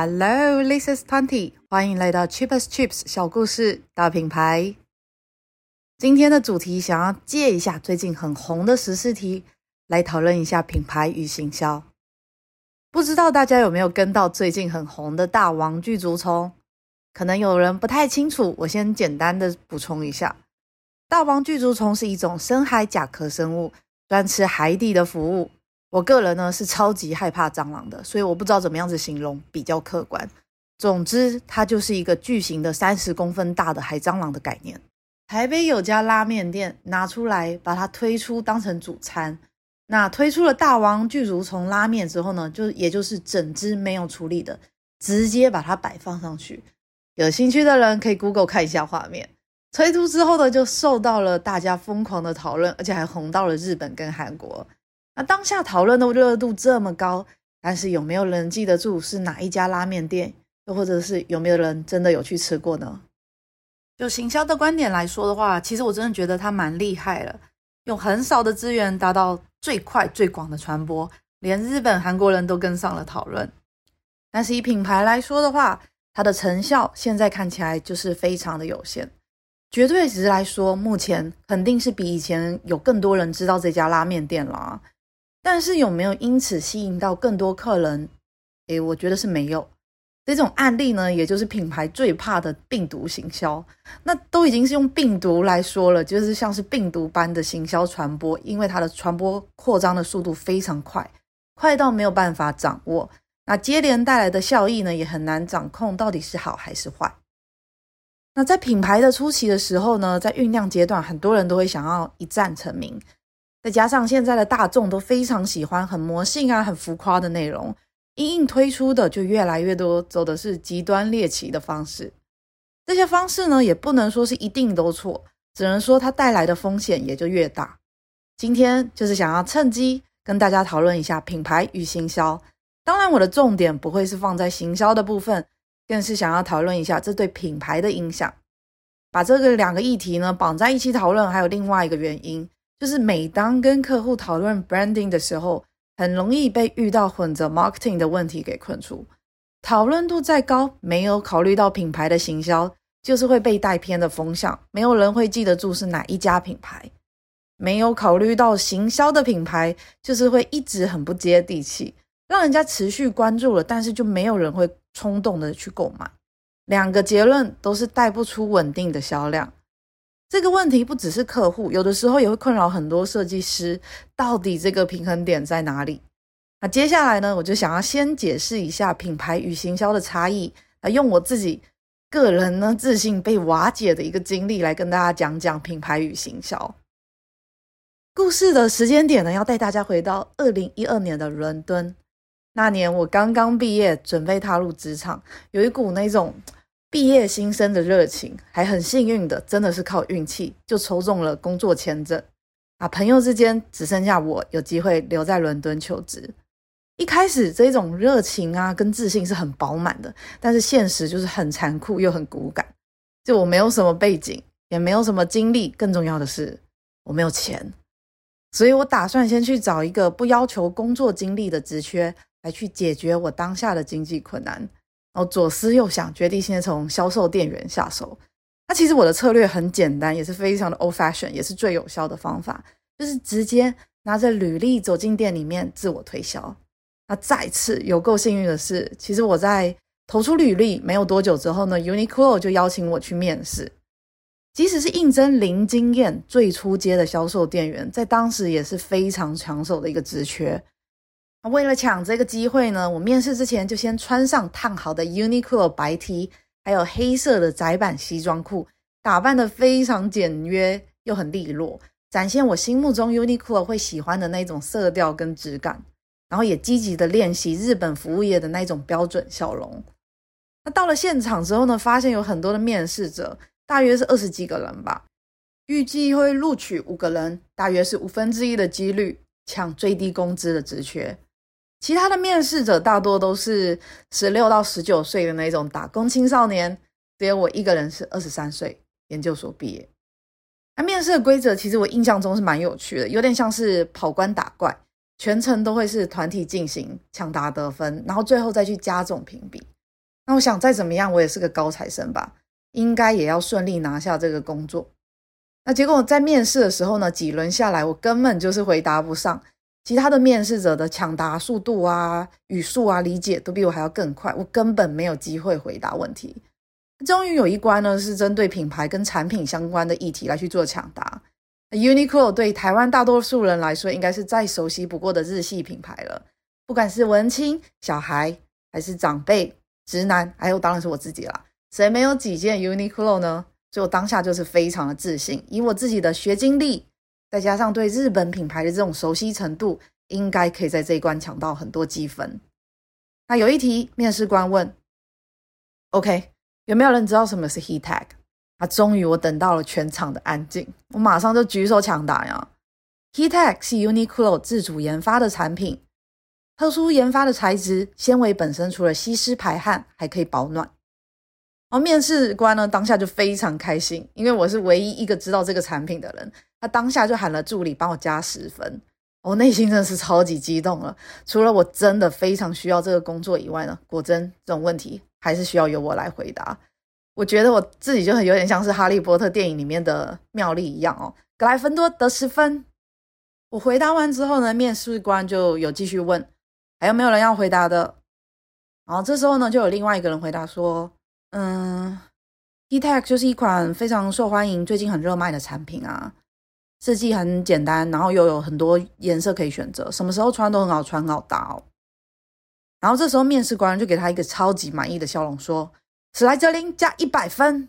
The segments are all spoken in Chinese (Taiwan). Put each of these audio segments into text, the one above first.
Hello, this is Twenty，歡迎來到 Cheap as Chips 小故事大品牌。今天的主題想要借一下最近很紅的時事題來討論一下品牌與行銷。不知道大家有沒有跟到最近很紅的大王具足蟲？可能有人不太清楚，我先簡單的補充一下：大王具足蟲是一種深海甲殼生物，專吃海底的服務。我個人呢是超級害怕蟑螂的，所以我不知道怎麼樣子形容比較客觀。總之，它就是一個巨型的三十公分大的海蟑螂的概念。台北有家拉面店拿出來把它推出當成主餐，那推出了大王具足蟲拉麵之後呢，就也就是整隻沒有處理的，直接把它擺放上去。有興趣的人可以 Google 看一下畫面。推出之後呢，就受到了大家瘋狂的討論，而且還紅到了日本跟韓國。那、啊，當下討論的熱度這麼高，但是有沒有人記得住是哪一家拉麵店，又或者是有沒有人真的有去吃過呢？就行銷的觀點來說的話，其實我真的覺得它蠻厲害了，用很少的資源達到最快最廣的傳播，連日本、韓國人都跟上了討論。但是以品牌來說的話，它的成效現在看起來就是非常的有限。絕對值來說，目前肯定是比以前有更多人知道這家拉麵店了啊。但是有沒有因此吸引到更多客人？誒，我覺得是沒有。這種案例呢，也就是品牌最怕的病毒行銷。那都已經是用病毒來說了，就是像是病毒般的行銷傳播，因為它的傳播擴張的速度非常快，快到沒有辦法掌握。那接連帶來的效益呢，也很難掌控到底是好還是壞。那在品牌的初期的時候呢，在醞釀階段，很多人都會想要一戰成名。再加上現在的大眾都非常喜歡很魔性啊、很浮誇的內容，因應推出的就越來越多，走的是極端獵奇的方式。這些方式呢，也不能說是一定都錯，只能說它帶來的風險也就越大。今天就是想要趁機跟大家討論一下品牌與行銷，當然我的重點不會是放在行銷的部分，更是想要討論一下這對品牌的影響。把這個兩個議題呢綁在一起討論，還有另外一個原因。就是每當跟客戶討論 branding 的時候，很容易被遇到混着 marketing 的問題給困住。討論度再高，沒有考慮到品牌的行銷，就是會被帶偏的風向，沒有人會記得住是哪一家品牌。沒有考慮到行銷的品牌，就是會一直很不接地氣，讓人家持續關注了，但是就沒有人會衝動的去購買。兩個結論都是帶不出穩定的銷量。這個問題不只是客戶，有的時候也會困擾很多設計師。到底這個平衡點在哪裡？那接下來呢，我就想要先解釋一下品牌與行銷的差異。啊，用我自己個人呢，自信被瓦解的一個經歷來跟大家講講品牌與行銷。故事的時間點呢，要帶大家回到二零一二年的倫敦。那年我剛剛畢業，準備踏入職場，有一股那種。畢業新生的熱情，還很幸運的，真的是靠運氣就抽中了工作簽證啊！朋友之間只剩下我有機會留在倫敦求職。一開始這種熱情啊，跟自信是很飽滿的，但是現實就是很殘酷又很骨感。就我沒有什麼背景，也沒有什麼經歷，更重要的是我沒有錢，所以我打算先去找一個不要求工作經歷的職缺，來去解決我當下的經濟困難。然後左思右想，決定先從銷售店員下手。那其實我的策略很簡單，也是非常的 old fashioned，也是最有效的方法，就是直接拿着履歷走進店裡面自我推銷。那再次有夠幸運的是，其實我在投出履歷沒有多久之後呢，Uniqlo 就邀請我去面試。即使是應徵零經驗、最初階的銷售店員，在當時也是非常搶手的一個職缺。為了搶這個機會呢，我面試之前就先穿上燙好的 Uniqlo 白 T，還有黑色的窄版西裝褲，打扮得非常簡約又很利落，展現我心目中 Uniqlo 會喜歡的那種色調跟質感。然後也積極的練習日本服務業的那種標準笑容。那到了現場之後呢，發現有很多的面試者，大約是二十幾個人吧，預計會錄取五個人，大約是五分之一的幾率搶最低工資的職缺。其他的面試者大多都是十六到十九歲的那種打工青少年，只有我一個人是二十三歲，研究所畢業。那、啊、面試的規則其實我印象中是蠻有趣的，有點像是跑關打怪，全程都會是團體進行搶答得分，然後最後再去加總評比。那我想再怎麼樣，我也是個高材生吧，應該也要順利拿下這個工作。那結果在面試的時候呢，幾輪下來，我根本就是回答不上。其他的面試者的搶答速度啊、語速啊、理解都比我還要更快，我根本沒有機會回答問題。終於有一關呢，是針對品牌跟產品相關的議題來去做搶答。Uniqlo 對臺灣大多數人來說，應該是再熟悉不過的日系品牌了，不管是文青、小孩還是長輩、直男，哎，我當然是我自己啦。誰沒有幾件 Uniqlo 呢？就當下就是非常的自信，以我自己的學經歷。再加上對日本品牌的這種熟悉程度，應該可以在這一關搶到很多積分。那有一題，面試官問：“OK，有沒有人知道什麼是 HEATTECH？” 啊，終於我等到了全場的安靜，我馬上就舉手搶答呀！HEATTECH 是 Uniqlo 自主研發的產品，特殊研發的材質纖維本身除了吸濕排汗，還可以保暖。然後面試官呢，當下就非常開心，因為我是唯一一個知道這個產品的人，他當下就喊了助理幫我加十分。我、哦、內心真的是超級激動了，除了我真的非常需要這個工作以外呢，果真這種問題還是需要由我來回答。我覺得我自己就很有點像是哈利波特電影裡面的妙麗一樣哦，格萊芬多得十分。我回答完之後呢，面試官就有繼續問，還有沒有人要回答的？然後這時候呢，就有另外一個人回答說。嗯，E-Tech 就是一款非常受歡迎、最近很熱賣的產品啊。設計很簡單，然後又有很多顏色可以選擇，什麼時候穿都很好穿、很好搭哦。然後這時候面試官就給他一個超級滿意的笑容，說：“史萊哲林加一百分。”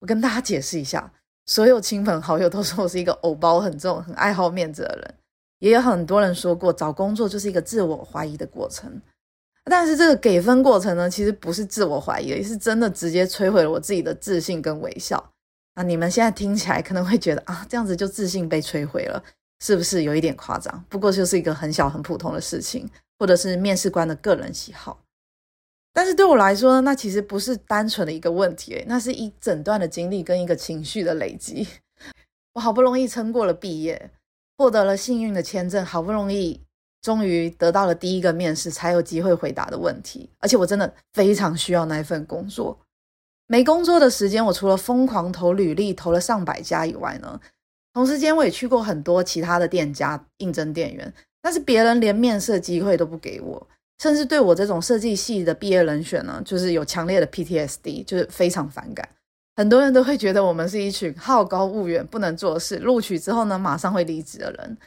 我跟大家解釋一下，所有親朋好友都說我是一個偶包很重、很愛好面子的人，也有很多人說過，找工作就是一個自我懷疑的過程。但是這個給分過程呢，其實不是自我懷疑的，而是真的直接摧毀了我自己的自信跟微笑啊！你們現在聽起來可能會覺得啊，這樣子就自信被摧毀了，是不是有一點誇張？不過就是一個很小很普通的事情，或者是面試官的個人喜好。但是對我來說呢，那其實不是單純的一個問題，那是一整段的經歷跟一個情緒的累積。我好不容易撐過了畢業，獲得了幸運的簽證，好不容易。終於得到了第一個面試才有機會回答的問題，而且我真的非常需要那一份工作。沒工作的時間，我除了瘋狂投履歷，投了上百家以外呢，同時間我也去過很多其他的店家應徵店員，但是別人連面試機會都不給我，甚至對我這種設計系的畢業人選呢，就是有強烈的 PTSD，就是非常反感。很多人都會覺得我們是一群好高騖遠、不能做事、錄取之後呢馬上會離職的人。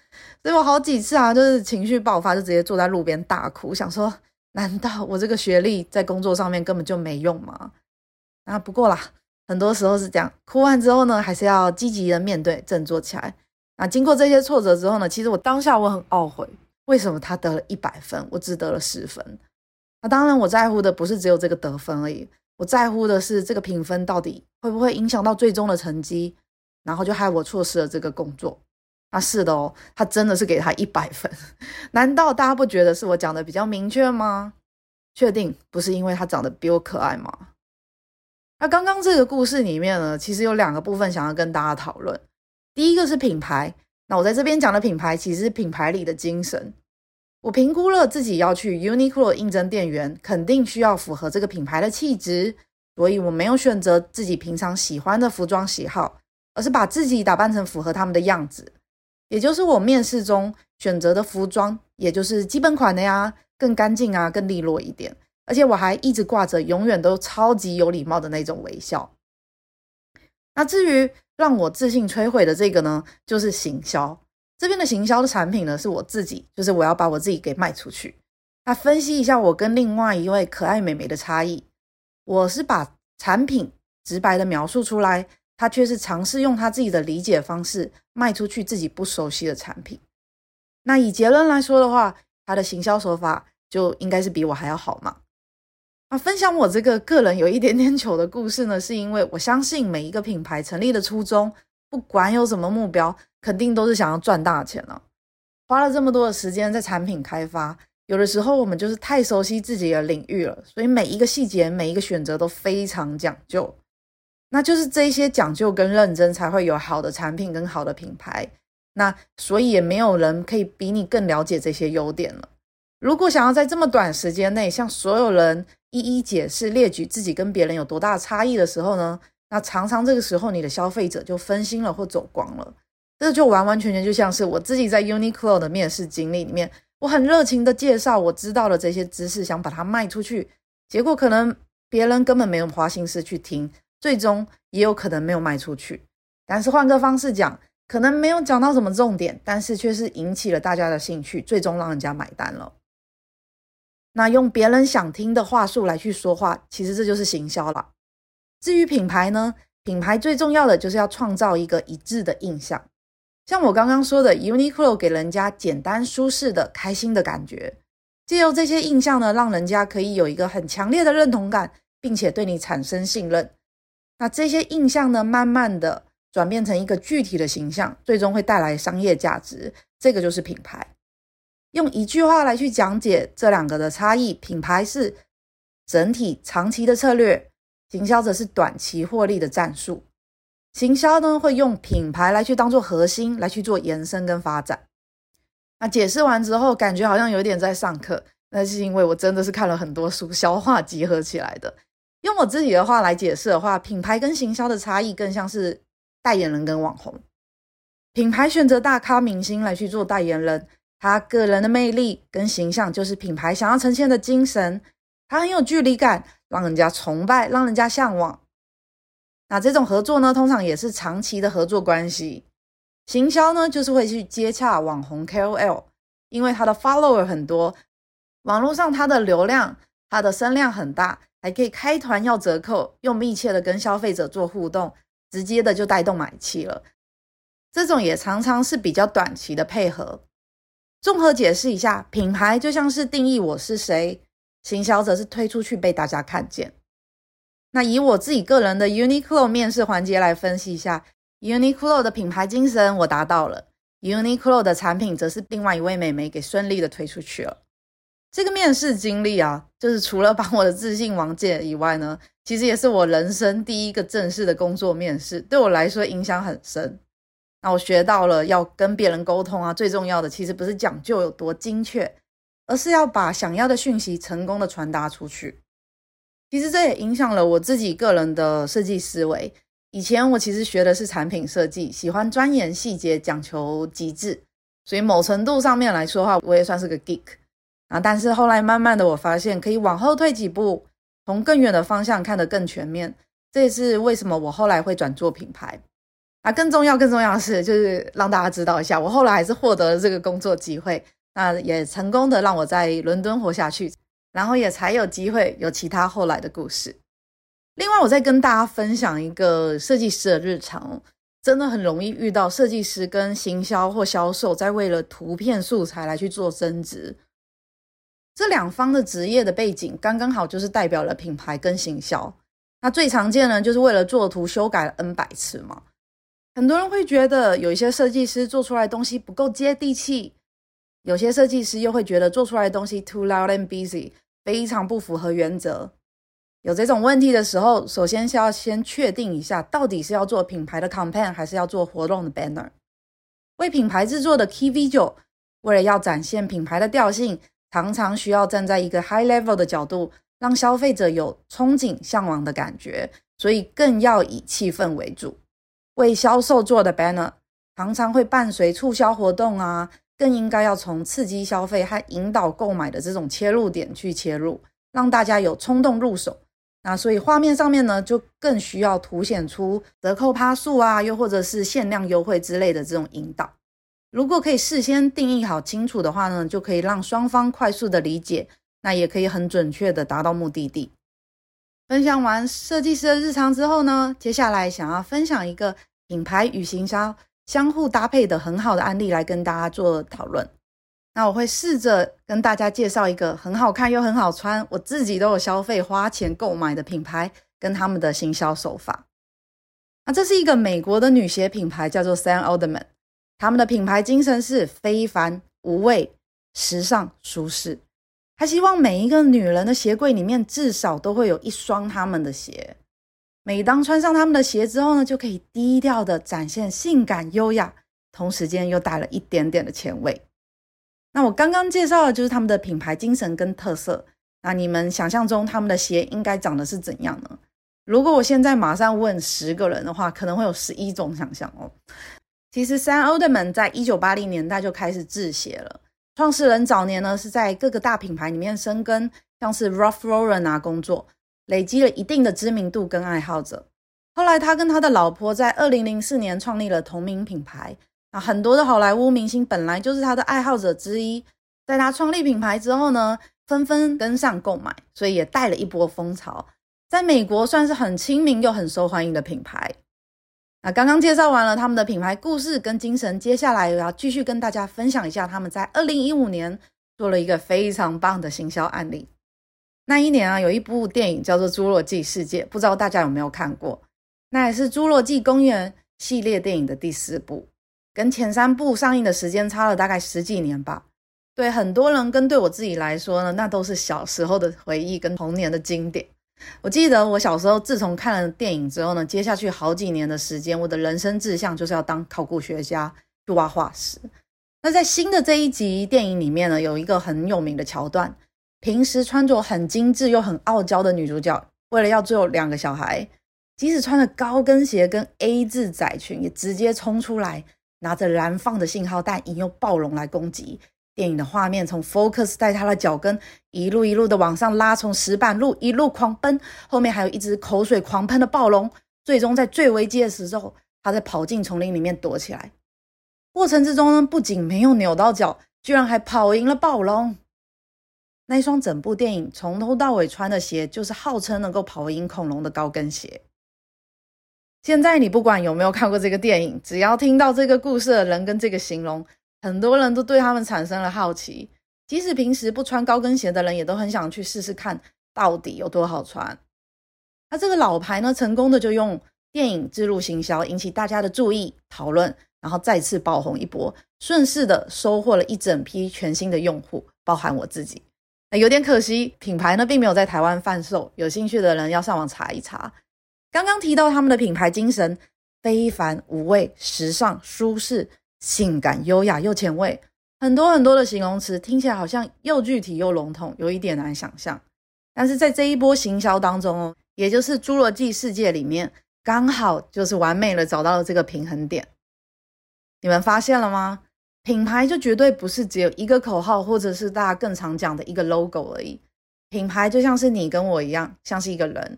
所以我好幾次啊，就是情緒爆發，就直接坐在路邊大哭，想說：難道我這個學歷在工作上面根本就沒用嗎？啊，不過啦，很多時候是這樣，哭完之後呢，還是要積極的面對，振作起來。那經過這些挫折之後呢，其實我當下我很懊悔，為什麼他得了一百分，我只得了十分。那當然，我在乎的不是只有這個得分而已，我在乎的是這個評分到底會不會影響到最終的成績，然後就害我錯失了這個工作。那、啊、是的哦，他真的是給他一百分。難道大家不覺得是我講的比較明確嗎？確定不是因為他長得比我可愛嗎？那剛剛這個故事裡面呢，其實有兩個部分想要跟大家討論。第一個是品牌，那我在這邊講的品牌其實是品牌裡的精神。我評估了自己要去 Uniqlo 應徵店員，肯定需要符合這個品牌的氣質，所以我沒有選擇自己平常喜歡的服裝喜好，而是把自己打扮成符合他們的樣子。也就是我面試中選擇的服裝，也就是基本款的呀，更乾淨啊，更利落一點。而且我還一直掛著永遠都超級有禮貌的那種微笑。那至於讓我自信摧毀的這個呢，就是行銷。這邊的行銷的產品呢，是我自己，就是我要把我自己給賣出去。那分析一下我跟另外一位可愛美眉的差異，我是把產品直白的描述出來。他卻是嘗試用他自己的理解方式賣出去自己不熟悉的產品。那以結論來說的話，他的行銷手法就應該是比我還要好嘛。那分享我這個個人有一點點糗的故事呢，是因為我相信每一個品牌成立的初衷，不管有什麼目標，肯定都是想要賺大錢了。花了這麼多的時間在產品開發，有的時候我們就是太熟悉自己的領域了，所以每一個細節、每一個選擇都非常講究。那就是這些講究跟認真，才會有好的產品跟好的品牌。那所以也沒有人可以比你更了解這些優點了。如果想要在這麼短時間內向所有人一一解釋列舉自己跟別人有多大差異的時候呢？那常常這個時候你的消費者就分心了或走光了。這就完完全全就像是我自己在 Uniqlo 的面試經歷裡面，我很熱情的介紹我知道的這些知識，想把它賣出去，結果可能別人根本沒有花心思去聽。最終也有可能沒有賣出去，但是換個方式講，可能沒有講到什麼重點，但是卻是引起了大家的興趣，最終讓人家買單了。那用別人想聽的話術來去說話，其實這就是行銷了。至於品牌呢，品牌最重要的就是要創造一個一致的印象，像我剛剛說的，Uniqlo 給人家簡單、舒適的、開心的感覺，借由這些印象呢，讓人家可以有一個很強烈的認同感，並且對你產生信任。那這些印象呢，慢慢的轉變成一個具體的形象，最終會帶來商業價值，這個就是品牌。用一句話來去講解這兩個的差異：品牌是整體長期的策略，行銷則是短期獲利的戰術。行銷呢，會用品牌來去當做核心，來去做延伸跟發展。那解釋完之後，感覺好像有點在上課，那是因為我真的是看了很多書，消化集合起來的。用我自己的話來解釋的話，品牌跟行銷的差異更像是代言人跟網紅。品牌選擇大咖明星來去做代言人，他個人的魅力跟形象就是品牌想要呈現的精神，他很有距離感，讓人家崇拜，讓人家向往。那這種合作呢，通常也是長期的合作關係。行銷呢，就是會去接洽網紅 KOL，因為他的 follower 很多，網絡上他的流量、他的聲量很大。還可以開團要折扣，又密切的跟消費者做互動，直接的就帶動買氣了。這種也常常是比較短期的配合。綜合解釋一下，品牌就像是定義我是誰，行銷則是推出去被大家看見。那以我自己個人的 Uniqlo 面試環節來分析一下，Uniqlo 的品牌精神我達到了，Uniqlo 的產品則是另外一位美眉給順利的推出去了。這個面試經歷啊，就是除了把我的自信狂建以外呢，其實也是我人生第一個正式的工作面試，對我來說影響很深。那我學到了要跟別人溝通啊，最重要的其實不是講究有多精確，而是要把想要的訊息成功的傳達出去。其實這也影響了我自己個人的設計思維。以前我其實學的是產品設計，喜歡鑽研細節，講求極致，所以某程度上面來說的話，我也算是個 geek。啊！但是後來慢慢的，我發現可以往後退幾步，從更遠的方向看得更全面。這也是為什麼我後來會轉做品牌。那、啊、更重要、更重要的是，就是讓大家知道一下，我後來還是獲得了這個工作機會，那也成功的讓我在倫敦活下去，然後也才有機會有其他後來的故事。另外，我再跟大家分享一個設計師的日常，真的很容易遇到設計師跟行銷或銷售在為了圖片素材來去做爭執。這兩方的職業的背景，剛剛好就是代表了品牌跟行銷。那最常見的呢，就是為了作圖修改了 N 百次嘛。很多人會覺得，有一些設計師做出來的東西不夠接地氣；有些設計師又會覺得做出來的東西 too loud and busy，非常不符合原則。有這種問題的時候，首先是要先確定一下，到底是要做品牌的 c o m p a n 還是要做活動的 banner。為品牌製作的 key v i s 為了要展現品牌的調性。常常需要站在一個 high level 的角度，讓消費者有憧憬、嚮往的感覺，所以更要以氣氛為主。為銷售做的 banner 常常會伴隨促銷活動啊，更應該要從刺激消費和引導購買的這種切入點去切入，讓大家有衝動入手。那所以畫面上面呢，就更需要凸顯出折扣趴數啊，又或者是限量優惠之類的這種引導。如果可以事先定義好清楚的話呢，就可以讓雙方快速的理解，那也可以很準確的達到目的地。分享完設計師的日常之後呢，接下來想要分享一個品牌與行銷相互搭配的很好的案例，來跟大家做討論。那我會試着跟大家介紹一個很好看又很好穿，我自己都有消費花錢購買的品牌跟他們的行銷手法。那這是一個美國的女鞋品牌，叫做 Sam Edelman。他們的品牌精神是非凡、無畏、時尚、舒適。他希望每一個女人的鞋櫃裡面至少都會有一雙他們的鞋。每當穿上他們的鞋之後呢，就可以低調地展現性感、優雅，同時間又帶了一點點的前衛。那我剛剛介紹的就是他們的品牌精神跟特色。那你們想象中他們的鞋應該長得是怎樣呢？如果我現在馬上問十個人的話，可能會有十一種想象哦。其實，Sam Edelman 在一九八零年代就開始製鞋了。創始人早年呢是在各個大品牌裡面生根，像是 Ralph Lauren 啊，工作，累積了一定的知名度跟愛好者。後來，他跟他的老婆在二零零四年創立了同名品牌。那很多的好萊塢明星本來就是他的愛好者之一，在他創立品牌之後呢，紛紛跟上購買，所以也帶了一波風潮，在美國算是很親民又很受歡迎的品牌。那剛剛介紹完了他們的品牌故事跟精神，接下來我要繼續跟大家分享一下他們在二零一五年做了一個非常棒的行銷案例。那一年啊，有一部電影叫做《侏羅紀世界》，不知道大家有沒有看過？那也是《侏羅紀公園》系列電影的第四部，跟前三部上映的時間差了大概十幾年吧。對很多人跟對我自己來說呢，那都是小時候的回憶跟童年的經典。我記得我小時候，自從看了電影之後呢，接下去好幾年的時間，我的人生志向就是要當考古學家去挖化石。那在新的這一集電影裡面呢，有一個很有名的橋段：平時穿着很精緻又很傲嬌的女主角，為了要救兩個小孩，即使穿着高跟鞋跟 A 字窄裙，也直接衝出來，拿着燃放的信號彈引誘暴龍來攻擊。電影的畫面從 focus 在他的腳跟，一路一路的往上拉，從石板路一路狂奔，後面還有一隻口水狂噴的暴龍。最終在最危機的時候，他在跑進叢林裡面躲起來。過程之中呢，不僅沒有扭到腳，居然還跑贏了暴龍。那一雙整部電影從頭到尾穿的鞋，就是號稱能夠跑贏恐龍的高跟鞋。現在你不管有沒有看過這個電影，只要聽到這個故事的人跟這個形容。很多人都對他們產生了好奇，即使平時不穿高跟鞋的人也都很想去試試看，到底有多好穿。那這個老牌呢，成功的就用電影置入行銷，引起大家的注意、討論，然後再次爆紅一波，順勢的收穫了一整批全新的用戶，包含我自己。那有點可惜，品牌呢並沒有在台灣販售，有興趣的人要上網查一查。剛剛提到他們的品牌精神非凡、無畏、時尚、舒適。性感、優雅又前衛，很多很多的形容詞聽起來好像又具體又籠統，有一點難想象。但是在這一波行銷當中哦，也就是侏羅紀世界裡面，剛好就是完美的找到了這個平衡點。你們發現了嗎？品牌就絕對不是只有一個口號，或者是大家更常講的一個 logo 而已。品牌就像是你跟我一樣，像是一個人，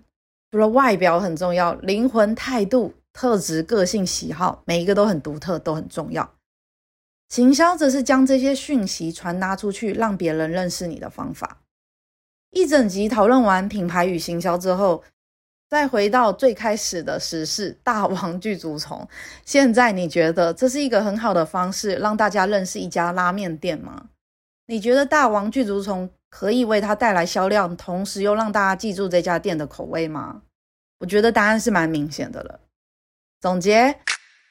除了外表很重要，靈魂、態度、特質、個性、喜好，每一個都很獨特，都很重要。行銷則是將這些訊息傳達出去，讓別人認識你的方法。一整集討論完品牌與行銷之後，再回到最開始的時事，大王具足蟲。現在你覺得這是一個很好的方式，讓大家認識一家拉麵店嗎？你覺得大王具足蟲可以為它帶來銷量，同時又讓大家記住這家店的口味嗎？我覺得答案是蠻明顯的了。總結，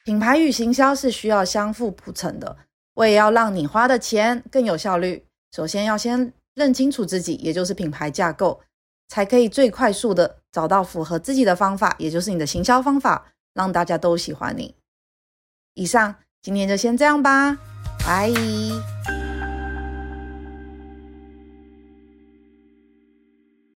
品牌與行銷是需要相互鋪陳的。我也要讓你花的錢更有效率。首先要先認清楚自己，也就是品牌架構，才可以最快速的找到符合自己的方法，也就是你的行銷方法，讓大家都喜歡你。以上，今天就先這樣吧，拜。